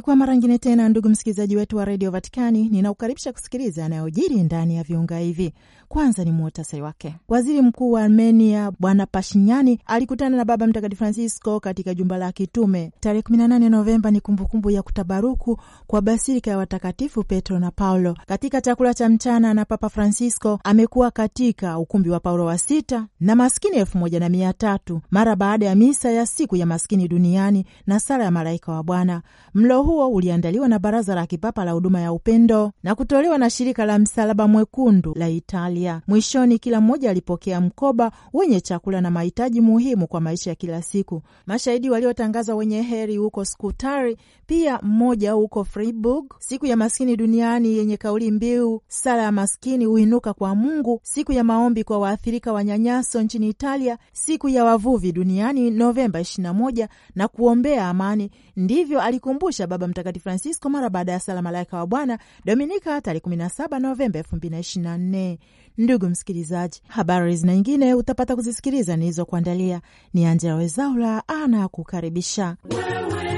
Ni kwa mara ngine tena, ndugu msikilizaji wetu wa redio Vatikani, ninaukaribisha kusikiliza yanayojiri ndani ya viunga hivi. Kwanza ni muhtasari wake. Waziri Mkuu wa Armenia Bwana Pashinyani alikutana na Baba Mtakatifu Francisco katika jumba la kitume tarehe 18 Novemba. Ni kumbukumbu ya kutabaruku kwa basilika ya watakatifu Petro na Paulo. Katika chakula cha mchana na Papa Francisco amekuwa katika ukumbi wa Paulo wa sita na maskini elfu moja na mia tatu mara baada ya misa ya siku ya maskini duniani na sala ya malaika wa Bwana mlo huo uliandaliwa na Baraza la Kipapa la Huduma ya Upendo na kutolewa na Shirika la Msalaba Mwekundu la Italia. Mwishoni, kila mmoja alipokea mkoba wenye chakula na mahitaji muhimu kwa maisha ya kila siku. Mashahidi waliotangaza wenye heri huko Skutari, pia mmoja huko Freiburg. Siku ya Maskini Duniani yenye kauli mbiu sala ya maskini huinuka kwa Mungu, siku ya maombi kwa waathirika wa nyanyaso nchini Italia, siku ya wavuvi duniani Novemba 21 na kuombea amani, ndivyo alikumbusha Baba Baba Mtakatifu Francisco mara baada ya sala Malaika wa Bwana, Dominika tarehe 17 Novemba 2024. Ndugu msikilizaji, habari zina nyingine utapata kuzisikiliza nilizokuandalia. Ni Angela Wezaula ana kukaribisha wewe.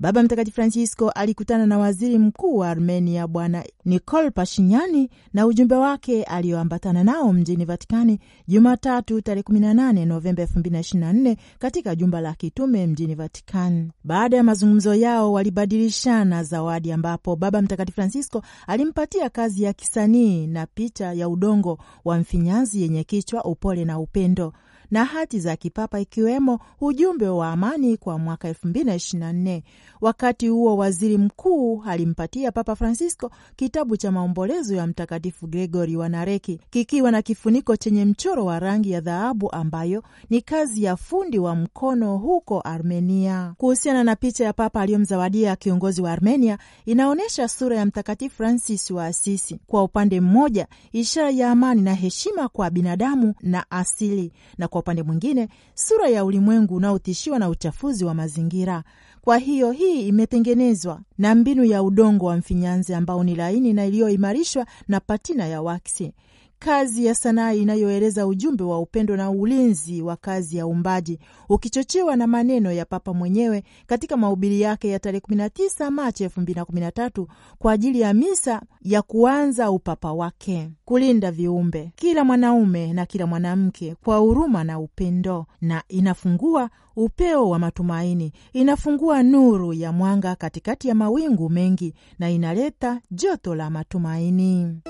Baba Mtakatifu Francisco alikutana na waziri mkuu wa Armenia Bwana Nikol Pashinyani na ujumbe wake aliyoambatana nao mjini Vatikani Jumatatu tarehe 18 Novemba 2024 katika jumba la kitume mjini Vatikani. Baada ya mazungumzo yao, walibadilishana zawadi ambapo Baba Mtakatifu Francisco alimpatia kazi ya kisanii na picha ya udongo wa mfinyanzi yenye kichwa upole na upendo na hati za kipapa ikiwemo ujumbe wa amani kwa mwaka 2024. Wakati huo waziri mkuu alimpatia Papa Francisco kitabu cha maombolezo ya Mtakatifu Gregori wa Nareki kikiwa na kifuniko chenye mchoro wa rangi ya dhahabu ambayo ni kazi ya fundi wa mkono huko Armenia. Kuhusiana na picha ya Papa aliyomzawadia kiongozi wa Armenia, inaonyesha sura ya Mtakatifu Francis wa Asisi, kwa upande mmoja ishara ya amani na heshima kwa binadamu na asili, na kwa kwa upande mwingine, sura ya ulimwengu unaotishiwa na uchafuzi wa mazingira. Kwa hiyo hii imetengenezwa na mbinu ya udongo wa mfinyanzi ambao ni laini na iliyoimarishwa na patina ya waksi kazi ya sanaa inayoeleza ujumbe wa upendo na ulinzi wa kazi ya umbaji ukichochewa na maneno ya Papa mwenyewe katika mahubiri yake ya tarehe 19 Machi 2013 kwa ajili ya misa ya kuanza upapa wake: kulinda viumbe, kila mwanaume na kila mwanamke kwa huruma na upendo, na inafungua upeo wa matumaini, inafungua nuru ya mwanga katikati ya mawingu mengi na inaleta joto la matumaini.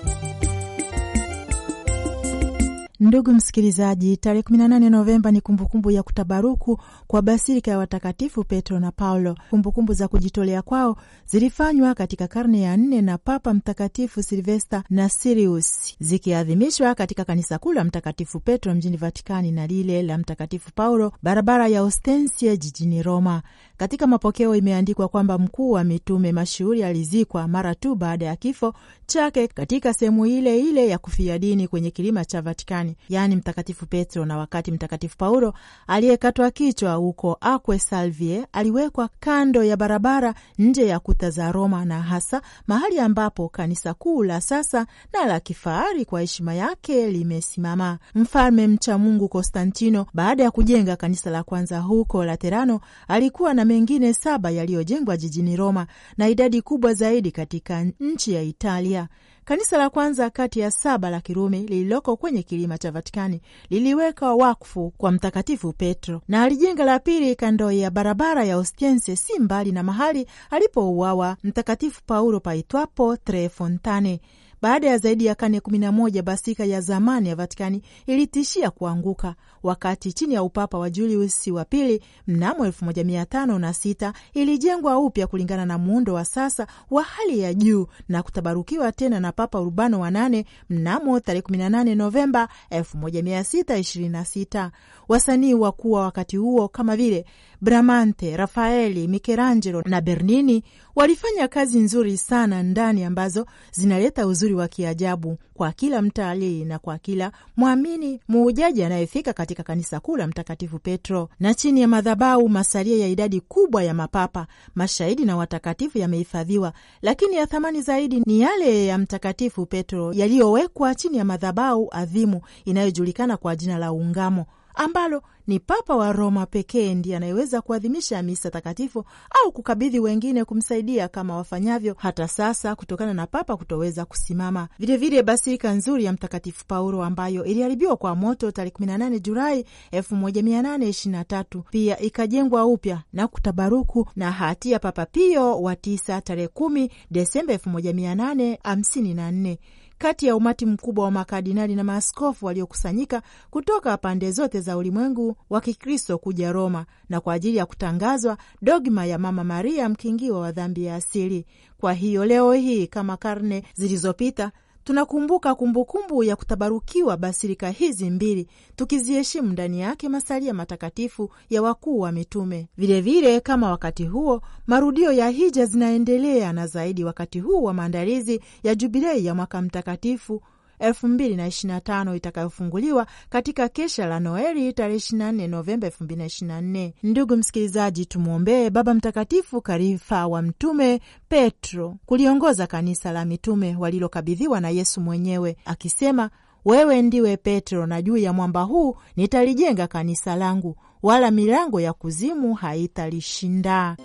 Ndugu msikilizaji, tarehe 18 Novemba ni kumbukumbu kumbu ya kutabaruku kwa basilika ya watakatifu Petro na Paulo. Kumbukumbu kumbu za kujitolea kwao zilifanywa katika karne ya nne na Papa Mtakatifu Silvesta na Sirius, zikiadhimishwa katika kanisa kuu la Mtakatifu Petro mjini Vatikani na lile la Mtakatifu Paulo barabara ya Ostensie jijini Roma. Katika mapokeo imeandikwa kwamba mkuu wa mitume mashuhuri alizikwa mara tu baada ya kifo chake katika sehemu ile ile ya kufia dini kwenye kilima cha Vatikani Vatikani, yaani Mtakatifu Petro, na wakati Mtakatifu Paulo aliyekatwa kichwa huko Acque Salvie aliwekwa kando ya barabara nje ya kuta za Roma, na hasa mahali ambapo kanisa kuu la sasa na la kifahari kwa heshima yake limesimama. Mfalme mcha Mungu Konstantino, baada ya kujenga kanisa la kwanza huko Laterano, alikuwa na mengine saba yaliyojengwa jijini Roma na idadi kubwa zaidi katika nchi ya Italia. Kanisa la kwanza kati ya saba la Kirumi lililoko kwenye kilima cha Vatikani liliweka wakfu kwa Mtakatifu Petro, na alijenga la pili kando ya barabara ya Ostiense, si mbali na mahali alipouawa Mtakatifu Paulo paitwapo Tre Fontane. Baada ya zaidi ya karne kumi na moja, basika ya zamani ya Vatikani ilitishia kuanguka wakati chini ya upapa wa Julius wa pili mnamo elfu moja mia tano na sita ilijengwa upya kulingana na muundo wa sasa wa hali ya juu na kutabarukiwa tena na Papa Urbano wa nane mnamo tarehe 18 Novemba 1626. Wasanii wakuu wa wakati huo kama vile Bramante, Rafaeli, Michelangelo na Bernini walifanya kazi nzuri sana ndani ambazo zinaleta uzuri wa kiajabu kwa kila mtalii na kwa kila mwamini muujaji anayefika katika kanisa kuu la Mtakatifu Petro. Na chini ya madhabahu masalia ya idadi kubwa ya mapapa, mashahidi na watakatifu yamehifadhiwa, lakini ya thamani zaidi ni yale ya Mtakatifu Petro yaliyowekwa chini ya madhabahu adhimu inayojulikana kwa jina la Ungamo ambalo ni Papa wa Roma pekee ndiye anayeweza kuadhimisha misa takatifu au kukabidhi wengine kumsaidia kama wafanyavyo hata sasa, kutokana na Papa kutoweza kusimama. Vilevile basilika nzuri ya Mtakatifu Paulo ambayo iliharibiwa kwa moto tarehe 18 Julai 1823 pia ikajengwa upya na kutabaruku na hati ya Papa Pio wa tisa tarehe 10 Desemba 1854 kati ya umati mkubwa wa makardinali na maaskofu waliokusanyika kutoka pande zote za ulimwengu wa Kikristo kuja Roma na kwa ajili ya kutangazwa dogma ya Mama Maria mkingiwa wa dhambi ya asili. Kwa hiyo leo hii kama karne zilizopita tunakumbuka kumbukumbu ya kutabarukiwa basilika hizi mbili, tukiziheshimu ndani yake masalia matakatifu ya wakuu wa mitume. Vilevile, kama wakati huo marudio ya hija zinaendelea, na zaidi wakati huu wa maandalizi ya jubilei ya mwaka mtakatifu 225 itakayofunguliwa katika kesha la Noeli tarehe 24 Novemba 2024. Ndugu msikilizaji, tumwombee Baba Mtakatifu Karifa wa Mtume Petro kuliongoza kanisa la mitume walilokabidhiwa na Yesu mwenyewe akisema, wewe ndiwe Petro, na juu ya mwamba huu nitalijenga kanisa langu, wala milango ya kuzimu haitalishinda.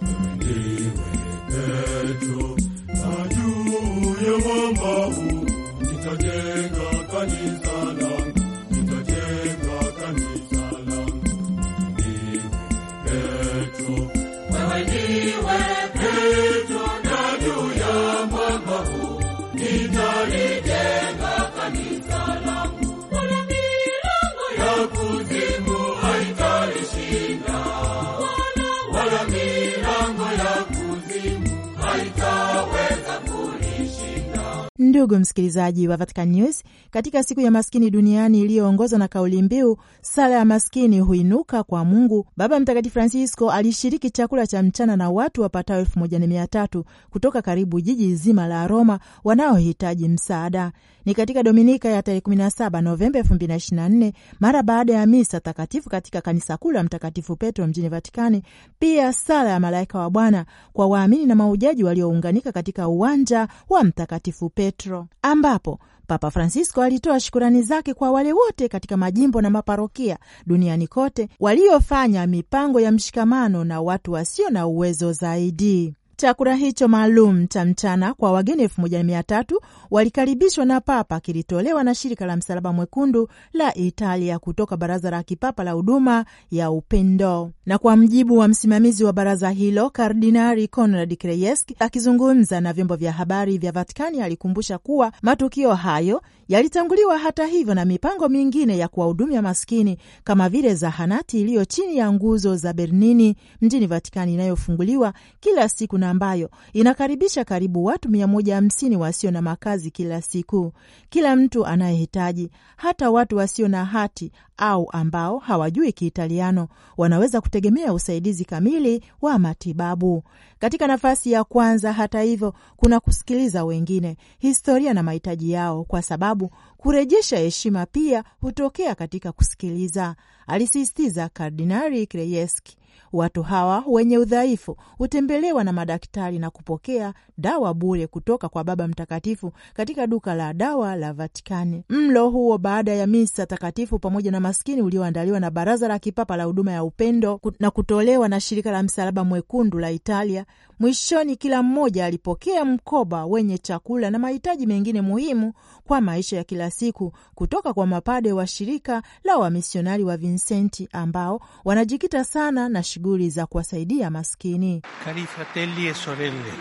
Ndugu msikilizaji wa Vatican News, katika siku ya maskini duniani iliyoongozwa na kauli mbiu sala ya maskini huinuka kwa Mungu, Baba Mtakatifu Francisco alishiriki chakula cha mchana na watu wapatao elfu moja na mia tatu kutoka karibu jiji zima la Roma wanaohitaji msaada ni katika dominika ya tarehe 17 Novemba 2024 mara baada ya misa takatifu katika kanisa kuu la Mtakatifu Petro mjini Vatikani, pia sala ya malaika wa Bwana kwa waamini na maujaji waliounganika katika uwanja wa Mtakatifu Petro, ambapo Papa Francisco alitoa shukurani zake kwa wale wote katika majimbo na maparokia duniani kote waliofanya mipango ya mshikamano na watu wasio na uwezo zaidi. Chakula hicho maalum cha mchana kwa wageni elfu moja mia tatu walikaribishwa na Papa kilitolewa na shirika la Msalaba Mwekundu la Italia kutoka Baraza la Kipapa la Huduma ya Upendo. Na kwa mjibu wa msimamizi wa baraza hilo, Kardinari Konrad Krajewski, akizungumza na vyombo vya habari vya Vatikani, alikumbusha kuwa matukio hayo yalitanguliwa hata hivyo na mipango mingine ya kuwahudumia maskini kama vile zahanati iliyo chini ya nguzo za Bernini mjini Vatikani, inayofunguliwa kila siku na ambayo inakaribisha karibu watu 150 wasio na makazi kila siku, kila mtu anayehitaji. Hata watu wasio na hati au ambao hawajui Kiitaliano wanaweza kutegemea usaidizi kamili wa matibabu. Katika nafasi ya kwanza, hata hivyo, kuna kusikiliza wengine, historia na mahitaji yao, kwa sababu kurejesha heshima pia hutokea katika kusikiliza, alisisitiza Kardinali Krajewski. Watu hawa wenye udhaifu hutembelewa na madaktari na kupokea dawa bure kutoka kwa Baba Mtakatifu katika duka la dawa la Vatikani. Mlo huo baada ya misa takatifu pamoja na maskini ulioandaliwa na Baraza la Kipapa la Huduma ya Upendo na kutolewa na Shirika la Msalaba Mwekundu la Italia. Mwishoni, kila mmoja alipokea mkoba wenye chakula na mahitaji mengine muhimu kwa maisha ya kila siku kutoka kwa mapade wa Shirika la Wamisionari wa Vincenti ambao wanajikita sana na shughuli za kuwasaidia maskini. Cari fratelli e sorelle,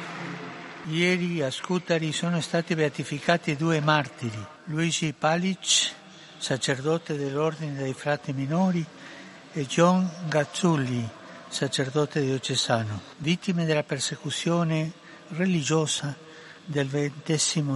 ieri a Scutari sono stati beatificati due martiri, Luigi Palic, sacerdote dell'ordine dei frati minori, e John Gazzulli, sacerdote diocesano, vittime della persecuzione religiosa del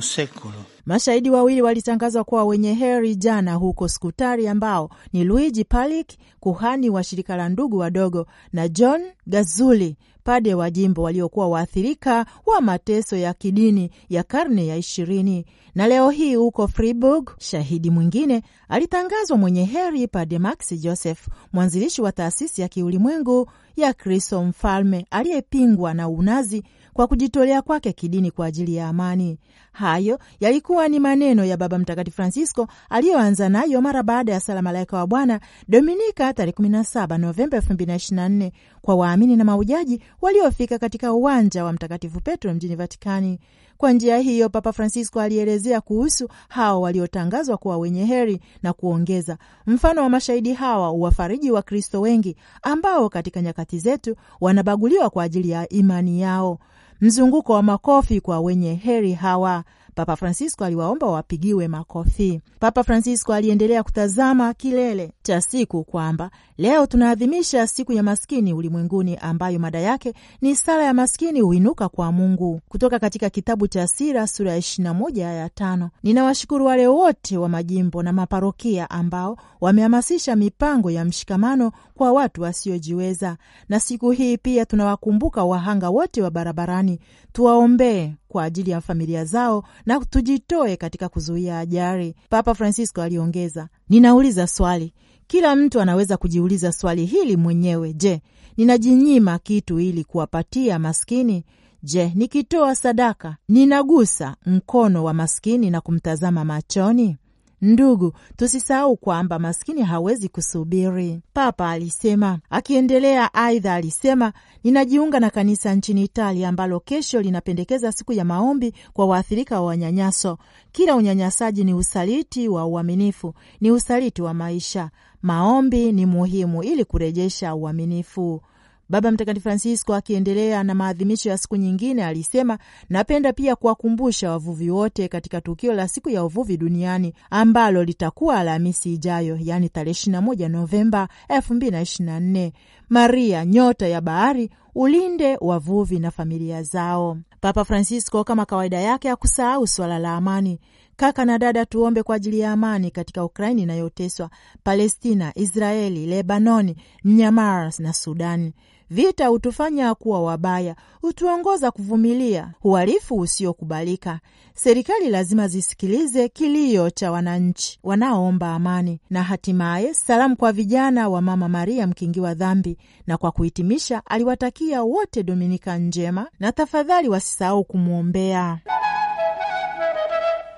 secolo. Mashahidi wawili walitangazwa kuwa wenye heri jana huko Skutari, ambao ni Luigi Palik, kuhani wa shirika la ndugu wadogo, na John Gazuli, pade wa jimbo, waliokuwa waathirika wa mateso ya kidini ya karne ya ishirini. Na leo hii huko Friburg, shahidi mwingine alitangazwa mwenye heri, pade Max Joseph, mwanzilishi wa taasisi ya kiulimwengu ya Kristo mfalme aliyepingwa na unazi kwa kujitolea kwake kidini kwa ajili ya amani. Hayo yalikuwa ni maneno ya Baba Mtakatifu Francisco aliyoanza nayo mara baada ya sala Malaika wa Bwana Dominika tarehe 17 Novemba 2024 kwa waamini na maujaji waliofika katika uwanja wa Mtakatifu Petro mjini Vatikani. Kwa njia hiyo Papa Francisco alielezea kuhusu hao waliotangazwa kuwa wenye heri na kuongeza, mfano wa mashahidi hawa uwafariji wa Kristo wengi ambao katika nyakati zetu wanabaguliwa kwa ajili ya imani yao. Mzunguko wa makofi kwa wenye heri hawa. Papa Francisco aliwaomba wapigiwe makofi. Papa Francisco aliendelea kutazama kilele cha siku kwamba leo tunaadhimisha siku ya maskini ulimwenguni, ambayo mada yake ni sala ya maskini huinuka kwa Mungu, kutoka katika kitabu cha Sira sura ya 21 ya tano. Ninawashukuru wale wote wa majimbo na maparokia ambao wamehamasisha mipango ya mshikamano kwa watu wasiojiweza. Na siku hii pia tunawakumbuka wahanga wote wa barabarani, tuwaombee kwa ajili ya familia zao na tujitoe katika kuzuia ajali. Papa Francisco aliongeza, ninauliza swali, kila mtu anaweza kujiuliza swali hili mwenyewe. Je, ninajinyima kitu ili kuwapatia maskini? Je, nikitoa sadaka ninagusa mkono wa maskini na kumtazama machoni? Ndugu, tusisahau kwamba maskini hawezi kusubiri, Papa alisema. Akiendelea, aidha alisema, ninajiunga na kanisa nchini Italia ambalo kesho linapendekeza siku ya maombi kwa waathirika wa wanyanyaso. Kila unyanyasaji ni usaliti wa uaminifu, ni usaliti wa maisha. Maombi ni muhimu ili kurejesha uaminifu. Baba Mtakatifu Francisco akiendelea na maadhimisho ya siku nyingine alisema, napenda pia kuwakumbusha wavuvi wote katika tukio la siku ya uvuvi duniani ambalo litakuwa Alhamisi ijayo, yaani tarehe 21 Novemba 2024. Maria, nyota ya bahari, ulinde wavuvi na familia zao. Papa Francisco kama kawaida yake hakusahau suala la amani. Kaka na dada, tuombe kwa ajili ya amani katika Ukraini inayoteswa, Palestina, Israeli, Lebanoni, Myanmar na Sudani. Vita hutufanya kuwa wabaya, hutuongoza kuvumilia uhalifu usiokubalika. Serikali lazima zisikilize kilio cha wananchi wanaoomba amani. Na hatimaye salamu kwa vijana wa Mama Maria mkingiwa dhambi. Na kwa kuhitimisha, aliwatakia wote Dominika njema na tafadhali wasisahau kumwombea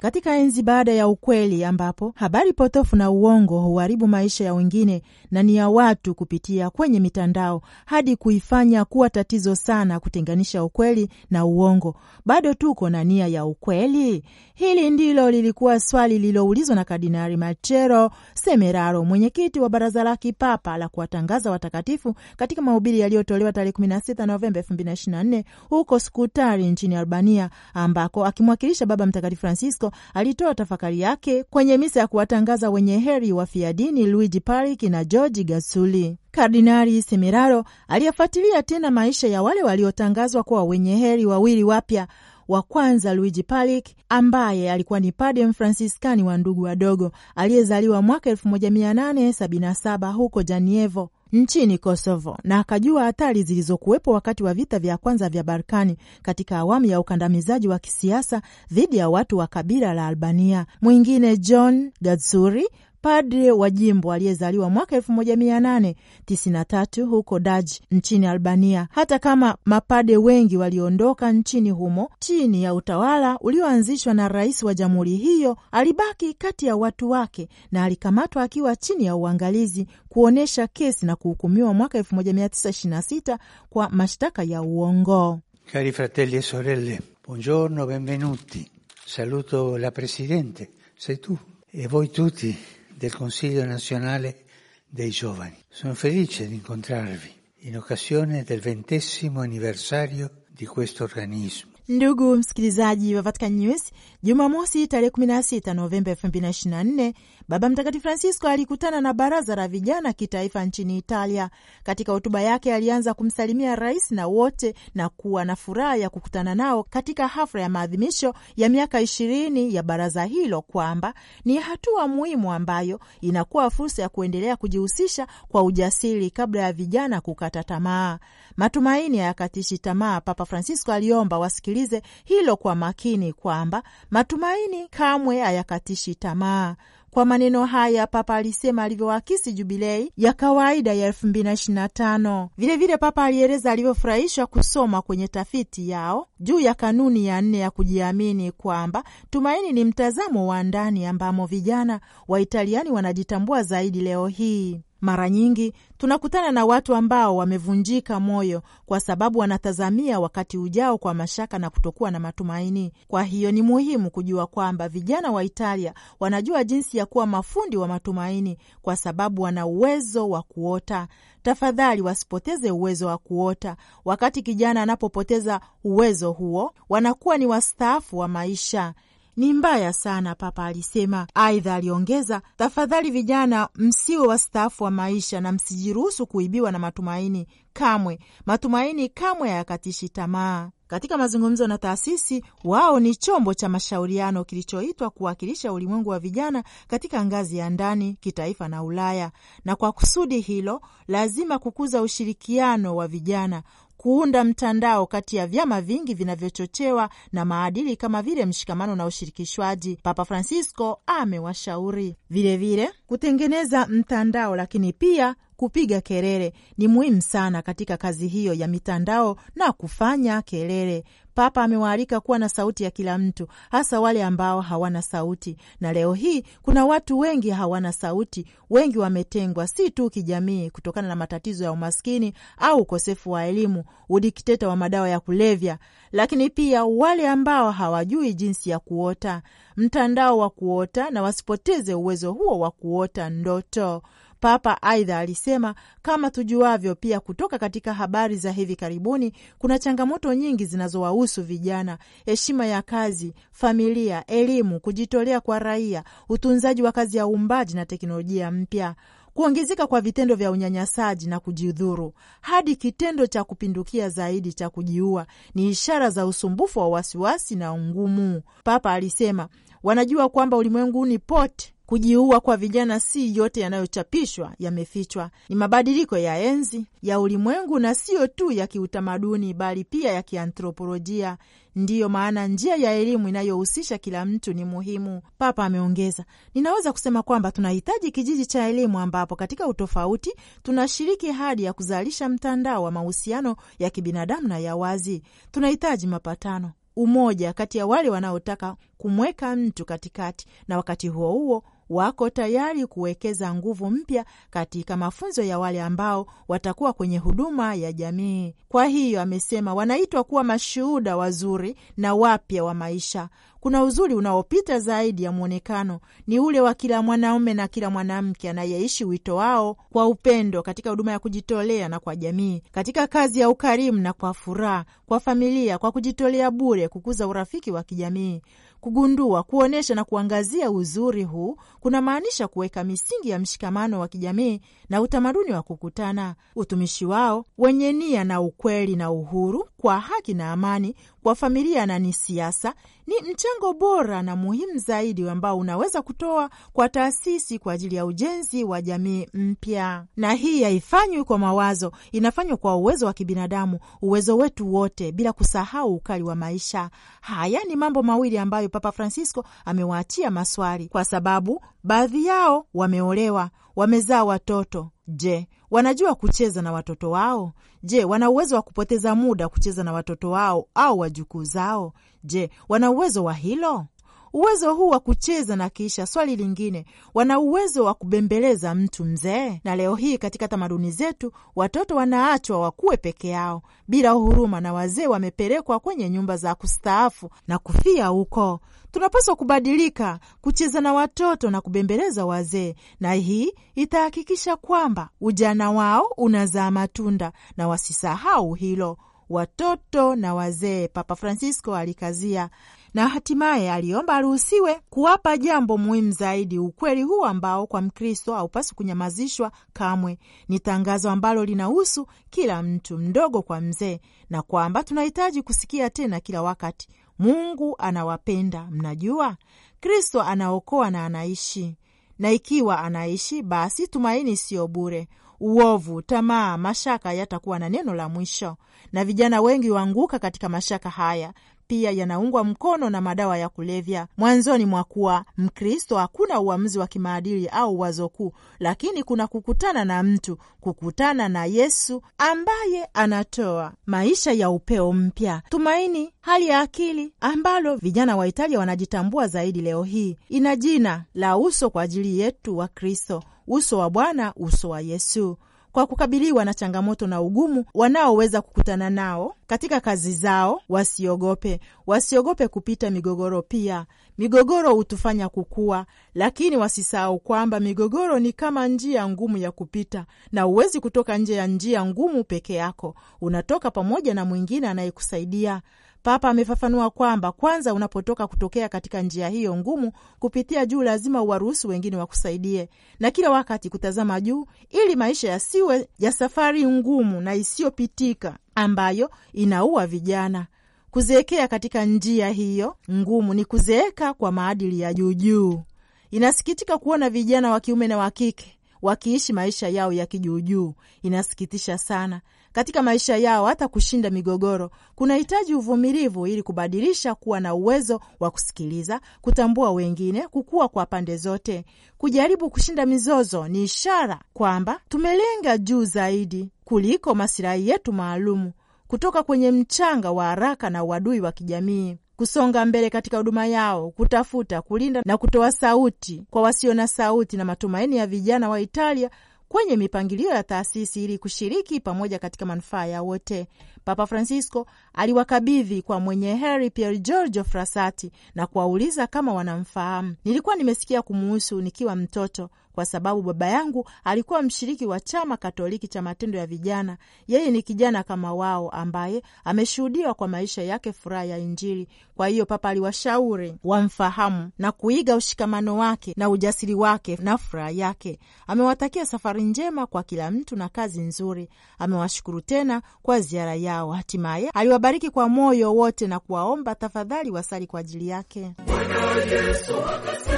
katika enzi baada ya ukweli, ambapo habari potofu na uongo huharibu maisha ya wengine na ni ya watu kupitia kwenye mitandao hadi kuifanya kuwa tatizo sana kutenganisha ukweli na uongo. Bado tuko na nia ya ukweli? Hili ndilo lilikuwa swali lililoulizwa na Kardinali Marcello Semeraro, mwenyekiti wa Baraza la Kipapa la kuwatangaza watakatifu, katika mahubiri yaliyotolewa tarehe 16 Novemba 2024 huko Skutari nchini Albania, ambako akimwakilisha Baba Mtakatifu Francisco alitoa tafakari yake kwenye misa ya kuwatangaza wenye heri wa fiadini Luigi Parik na Georgi Gasuli. Kardinali Semeraro aliyefuatilia tena maisha ya wale waliotangazwa kuwa wenye heri wawili wapya wa kwanza Luigi Palik ambaye alikuwa ni pade mfransiskani wa ndugu wadogo aliyezaliwa mwaka 1877 huko Janievo nchini Kosovo na akajua hatari zilizokuwepo wakati wa vita vya kwanza vya Balkani katika awamu ya ukandamizaji wa kisiasa dhidi ya watu wa kabila la Albania. Mwingine John Gadsuri padre wa jimbo aliyezaliwa mwaka 1893 huko Daj nchini Albania, hata kama mapade wengi waliondoka nchini humo chini ya utawala ulioanzishwa na rais wa jamhuri hiyo, alibaki kati ya watu wake na alikamatwa akiwa chini ya uangalizi kuonyesha kesi na kuhukumiwa mwaka 1926 kwa mashtaka ya uongo. Cari fratelli e sorelle, buongiorno, benvenuti. Saluto la presidente, sei tu e voi tutti del Consiglio nazionale dei giovani. Sono felice di incontrarvi in occasione del ventesimo anniversario di questo organismo. Ndugu msikilizaji wa Vatican News, Jumamosi tarehe 16 Novemba 2024 Baba Mtakatifu Francisco alikutana na baraza la vijana kitaifa nchini Italia. Katika hotuba yake alianza kumsalimia rais na wote na kuwa na furaha ya kukutana nao katika hafla ya maadhimisho ya miaka ishirini ya baraza hilo, kwamba ni hatua muhimu ambayo inakuwa fursa ya kuendelea kujihusisha kwa ujasiri kabla ya vijana kukata tamaa. Matumaini hayakatishi tamaa, Papa Francisco aliomba wasikilize hilo kwa makini kwamba Matumaini kamwe hayakatishi tamaa. Kwa maneno haya Papa alisema alivyoakisi jubilei ya kawaida ya 2025. Vilevile Papa alieleza alivyofurahishwa kusoma kwenye tafiti yao juu ya kanuni ya nne ya kujiamini kwamba tumaini ni mtazamo wa ndani ambamo vijana Waitaliani wanajitambua zaidi leo hii. Mara nyingi tunakutana na watu ambao wamevunjika moyo kwa sababu wanatazamia wakati ujao kwa mashaka na kutokuwa na matumaini. Kwa hiyo ni muhimu kujua kwamba vijana wa Italia wanajua jinsi ya kuwa mafundi wa matumaini kwa sababu wana uwezo wa kuota. Tafadhali wasipoteze uwezo wa kuota. Wakati kijana anapopoteza uwezo huo, wanakuwa ni wastaafu wa maisha ni mbaya sana, Papa alisema. Aidha aliongeza, tafadhali vijana, msiwe wastaafu wa maisha na msijiruhusu kuibiwa na matumaini kamwe. Matumaini kamwe hayakatishi tamaa. Katika mazungumzo na taasisi, wao ni chombo cha mashauriano kilichoitwa kuwakilisha ulimwengu wa vijana katika ngazi ya ndani, kitaifa na Ulaya, na kwa kusudi hilo lazima kukuza ushirikiano wa vijana, kuunda mtandao kati ya vyama vingi vinavyochochewa na maadili kama vile mshikamano na ushirikishwaji. Papa Francisco amewashauri vilevile kutengeneza mtandao, lakini pia kupiga kelele ni muhimu sana katika kazi hiyo ya mitandao na kufanya kelele. Papa amewaalika kuwa na sauti ya kila mtu, hasa wale ambao hawana sauti. Na leo hii kuna watu wengi hawana sauti, wengi wametengwa, si tu kijamii, kutokana na matatizo ya umaskini au ukosefu wa elimu, udikteta wa madawa ya kulevya, lakini pia wale ambao hawajui jinsi ya kuota mtandao wa kuota, na wasipoteze uwezo huo wa kuota ndoto. Papa aidha alisema kama tujuavyo, pia kutoka katika habari za hivi karibuni, kuna changamoto nyingi zinazowahusu vijana: heshima ya kazi, familia, elimu, kujitolea kwa raia, utunzaji wa kazi ya uumbaji na teknolojia mpya kuongezeka kwa vitendo vya unyanyasaji na kujidhuru hadi kitendo cha kupindukia zaidi cha kujiua ni ishara za usumbufu wa wasiwasi na ngumu. Papa alisema wanajua kwamba ulimwenguni pote Kujiua kwa vijana, si yote yanayochapishwa yamefichwa. Ni mabadiliko ya enzi ya ulimwengu, na siyo tu ya kiutamaduni, bali pia ya kianthropolojia. Ndiyo maana njia ya elimu inayohusisha kila mtu ni muhimu, Papa ameongeza. Ninaweza kusema kwamba tunahitaji kijiji cha elimu ambapo katika utofauti tunashiriki hadi ya kuzalisha mtandao wa mahusiano ya kibinadamu na ya wazi. Tunahitaji mapatano, umoja kati ya wale wanaotaka kumweka mtu katikati na wakati huo huo wako tayari kuwekeza nguvu mpya katika mafunzo ya wale ambao watakuwa kwenye huduma ya jamii. Kwa hiyo, amesema wanaitwa kuwa mashuhuda wazuri na wapya wa maisha. Kuna uzuri unaopita zaidi ya mwonekano, ni ule wa kila mwanaume na kila mwanamke anayeishi wito wao kwa upendo, katika huduma ya kujitolea na kwa jamii, katika kazi ya ukarimu na kwa furaha, kwa familia, kwa kujitolea bure, kukuza urafiki wa kijamii. Kugundua, kuonyesha na kuangazia uzuri huu kunamaanisha kuweka misingi ya mshikamano wa kijamii na utamaduni wa kukutana. Utumishi wao wenye nia na ukweli na uhuru kwa haki na amani kwa familia na ni siasa, ni mchango bora na muhimu zaidi ambao unaweza kutoa kwa taasisi kwa ajili ya ujenzi wa jamii mpya. Na hii haifanywi kwa mawazo, inafanywa kwa uwezo wa kibinadamu, uwezo wetu wote, bila kusahau ukali wa maisha. Haya ni mambo mawili ambayo Papa Francisco amewaachia maswali, kwa sababu baadhi yao wameolewa, wamezaa watoto. Je, Wanajua kucheza na watoto wao? Je, wana uwezo wa kupoteza muda kucheza na watoto wao au wajukuu zao? Je, wana uwezo wa hilo? uwezo huu wa kucheza. Na kisha swali lingine, wana uwezo wa kubembeleza mtu mzee? Na leo hii katika tamaduni zetu watoto wanaachwa wakuwe peke yao bila huruma, na wazee wamepelekwa kwenye nyumba za kustaafu na kufia huko. Tunapaswa kubadilika, kucheza na watoto na kubembeleza wazee, na hii itahakikisha kwamba ujana wao unazaa matunda, na wasisahau hilo, watoto na wazee. Papa Francisco alikazia na hatimaye aliomba aruhusiwe kuwapa jambo muhimu zaidi, ukweli huu ambao kwa Mkristo haupaswi kunyamazishwa kamwe. Ni tangazo ambalo linahusu kila mtu, mdogo kwa mzee, na kwamba tunahitaji kusikia tena kila wakati, Mungu anawapenda. Mnajua Kristo anaokoa na anaishi, na ikiwa anaishi, basi tumaini siyo bure. Uovu, tamaa, mashaka yatakuwa na neno la mwisho, na vijana wengi huanguka katika mashaka haya pia yanaungwa mkono na madawa ya kulevya. Mwanzoni mwa kuwa Mkristo hakuna uamuzi wa kimaadili au wazo kuu, lakini kuna kukutana na mtu, kukutana na Yesu ambaye anatoa maisha ya upeo mpya, tumaini, hali ya akili ambalo vijana wa Italia wanajitambua zaidi leo hii. Ina jina la uso kwa ajili yetu wa Kristo, uso wa Bwana, uso wa Yesu kwa kukabiliwa na changamoto na ugumu wanaoweza kukutana nao katika kazi zao. Wasiogope, wasiogope kupita migogoro. Pia migogoro hutufanya kukua, lakini wasisahau kwamba migogoro ni kama njia ngumu ya kupita, na huwezi kutoka nje ya njia ngumu peke yako. Unatoka pamoja na mwingine anayekusaidia. Papa amefafanua kwamba kwanza, unapotoka kutokea katika njia hiyo ngumu kupitia juu, lazima uwaruhusu wengine wakusaidie, na kila wakati kutazama juu, ili maisha yasiwe ya safari ngumu na isiyopitika ambayo inaua vijana. Kuzeekea katika njia hiyo ngumu ni kuzeeka kwa maadili ya juujuu. Inasikitika kuona vijana wa kiume na wa kike wakiishi maisha yao ya kijuujuu. Inasikitisha sana, katika maisha yao, hata kushinda migogoro. Kunahitaji uvumilivu ili kubadilisha kuwa na uwezo wa kusikiliza, kutambua wengine, kukua kwa pande zote. Kujaribu kushinda mizozo ni ishara kwamba tumelenga juu zaidi kuliko masilahi yetu maalumu, kutoka kwenye mchanga wa haraka na uadui wa kijamii kusonga mbele katika huduma yao, kutafuta, kulinda na kutoa sauti kwa wasio na sauti, na matumaini ya vijana wa Italia kwenye mipangilio ya taasisi ili kushiriki pamoja katika manufaa ya wote. Papa Francisco aliwakabidhi kwa mwenye heri Pier Giorgio Frassati na kuwauliza kama wanamfahamu. Nilikuwa nimesikia kumuhusu nikiwa mtoto, kwa sababu baba yangu alikuwa mshiriki wa chama Katoliki cha matendo ya vijana. Yeye ni kijana kama wao ambaye ameshuhudiwa kwa maisha yake furaha ya Injili. Kwa hiyo Papa aliwashauri wamfahamu na kuiga ushikamano wake na ujasiri wake na furaha yake. Amewatakia safari njema kwa kila mtu na kazi nzuri. Amewashukuru tena kwa ziara yao. Hatimaye aliwabariki kwa moyo wote na kuwaomba tafadhali wasali kwa ajili yake. Bwana Yesu akasema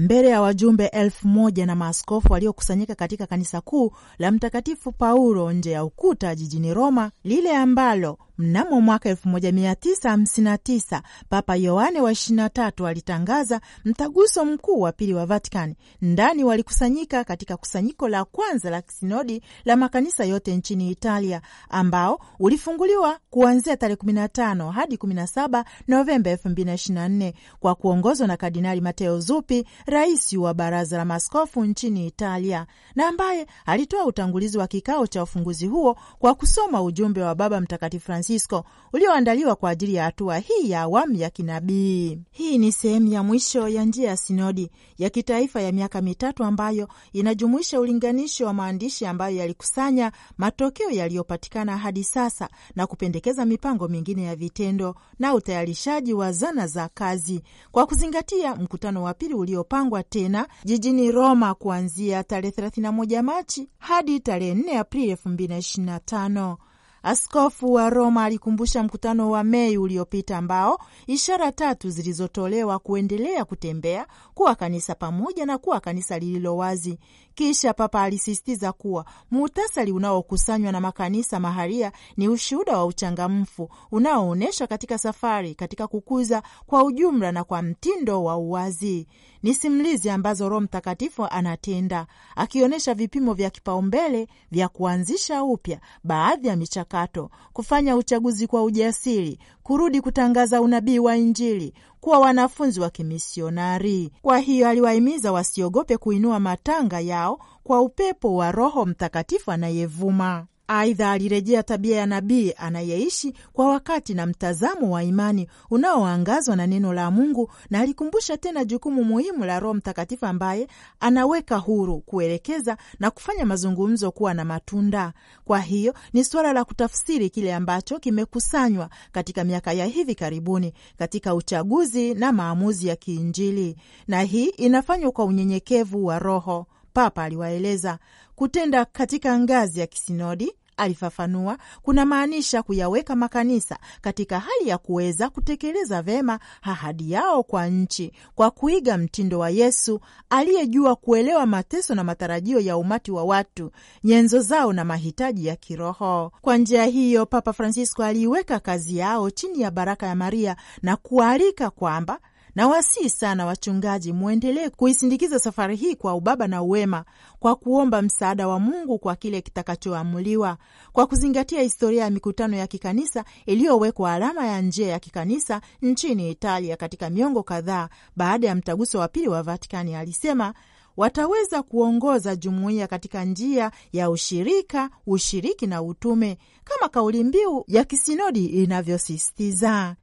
mbele ya wajumbe elfu moja na maaskofu waliokusanyika katika kanisa kuu la Mtakatifu Paulo nje ya ukuta jijini Roma, lile ambalo Mnamo mwaka 1959 Papa Yohane wa 23 alitangaza mtaguso mkuu wa pili wa Vatikani. Ndani walikusanyika katika kusanyiko la kwanza la sinodi la makanisa yote nchini Italia, ambao ulifunguliwa kuanzia tarehe 15 hadi 17 Novemba 2024 kwa kuongozwa na Kardinali Mateo Zuppi, rais wa baraza la maskofu nchini Italia, na ambaye alitoa utangulizi wa kikao cha ufunguzi huo kwa kusoma ujumbe wa Baba Mtakatifu Francis Francisco ulioandaliwa kwa ajili ya hatua hii ya awamu ya kinabii. Hii ni sehemu ya mwisho ya njia ya sinodi ya kitaifa ya miaka mitatu ambayo inajumuisha ulinganisho wa maandishi ambayo yalikusanya matokeo yaliyopatikana hadi sasa na kupendekeza mipango mingine ya vitendo na utayarishaji wa zana za kazi kwa kuzingatia mkutano wa pili uliopangwa tena jijini Roma kuanzia tarehe 31 Machi hadi tarehe 4 Aprili 2025. Askofu wa Roma alikumbusha mkutano wa Mei uliopita ambao ishara tatu zilizotolewa kuendelea kutembea, kuwa kanisa pamoja na kuwa kanisa lililo wazi, kisha Papa alisisitiza kuwa muhtasari unaokusanywa na makanisa maharia ni ushuhuda wa uchangamfu unaoonyeshwa katika safari katika kukuza kwa ujumla na kwa mtindo wa uwazi. Ni simulizi ambazo Roho Mtakatifu anatenda akionyesha vipimo vya kipaumbele vya kuanzisha upya baadhi ya michakato, kufanya uchaguzi kwa ujasiri, kurudi kutangaza unabii wa Injili, kuwa wanafunzi wa kimisionari. Kwa hiyo aliwahimiza wasiogope kuinua matanga yao kwa upepo wa Roho Mtakatifu anayevuma. Aidha, alirejea tabia ya nabii anayeishi kwa wakati na mtazamo wa imani unaoangazwa na neno la Mungu, na alikumbusha tena jukumu muhimu la Roho Mtakatifu ambaye anaweka huru, kuelekeza na kufanya mazungumzo kuwa na matunda. Kwa hiyo ni suala la kutafsiri kile ambacho kimekusanywa katika miaka ya hivi karibuni katika uchaguzi na maamuzi ya kiinjili, na hii inafanywa kwa unyenyekevu wa roho. Papa aliwaeleza kutenda katika ngazi ya kisinodi alifafanua, kunamaanisha kuyaweka makanisa katika hali ya kuweza kutekeleza vema ahadi yao kwa nchi kwa kuiga mtindo wa Yesu aliyejua kuelewa mateso na matarajio ya umati wa watu, nyenzo zao na mahitaji ya kiroho. Kwa njia hiyo, Papa Francisco aliiweka kazi yao chini ya baraka ya Maria na kualika kwamba na wasii sana wachungaji, mwendelee kuisindikiza safari hii kwa ubaba na uwema, kwa kuomba msaada wa Mungu kwa kile kitakachoamuliwa, kwa kuzingatia historia ya mikutano ya kikanisa iliyowekwa alama ya njia ya kikanisa nchini Italia katika miongo kadhaa baada ya mtaguso wa pili wa Vatikani, alisema wataweza kuongoza jumuiya katika njia ya ushirika, ushiriki na utume kama kauli mbiu ya kisinodi inavyosisitiza.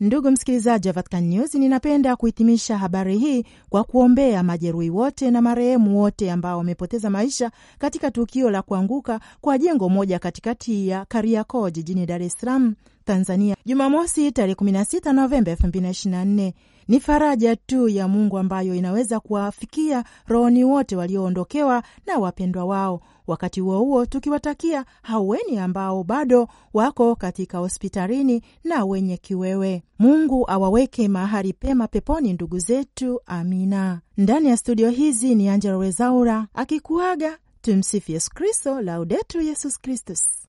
Ndugu msikilizaji wa Vatican News, ninapenda kuhitimisha habari hii kwa kuombea majeruhi wote na marehemu wote ambao wamepoteza maisha katika tukio la kuanguka kwa jengo moja katikati ya Kariakoo jijini Dar es Salaam Tanzania, Jumamosi tarehe 16 Novemba 2024. Ni faraja tu ya Mungu ambayo inaweza kuwafikia rohoni wote walioondokewa na wapendwa wao. Wakati huo huo, tukiwatakia hauweni ambao bado wako katika hospitalini na wenye kiwewe. Mungu awaweke mahali pema peponi ndugu zetu, amina. Ndani ya studio hizi ni Angela Rezaura akikuaga. Tumsifu Yesu Kristo, Laudetur Yesus Kristus.